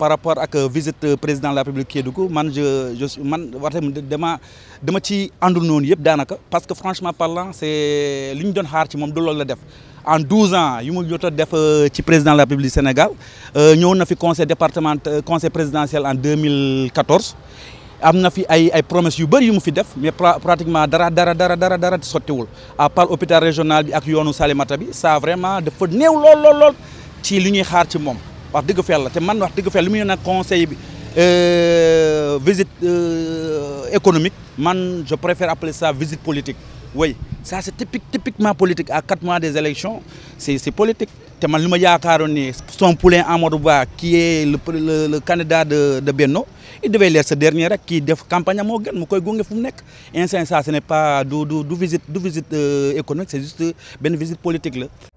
par rapport à la euh, visite euh, président de la République Kédougou man je je suis man wax dama dama ci àndul noonu yëpp parce que franchement parlant c'est est li ñu doon xaar ci en 12 ans il y a def euh, ci président de la République du Sénégal ñëw na fi conseil département conseil présidentiel en 2014 Il a fi ay ay promesses yu bëri yu fi def mais pratiquement dara dara dara dara dara sottiwul à part hôpital régional bi ak yoonu Salémata bi ça vraiment dafa néew lool lool lool ci li xaar ci wax dëgg fa yàlla te man wax dëgg fa yàlla conseil bi euh, visite euh, économique man je préfère appeler ça visite politique oui ça c'est typique typiquement politique à quatre mois des élections c'est c'est politique te man li ma son poulain Amadou Ba qui est le le candidat de de il devait l'être ce dernier rek qui def campagne mo gën mou koy gongé fum nek instant ça ce n'est pas du du visite du visite euh, économique c'est juste une visite politique là.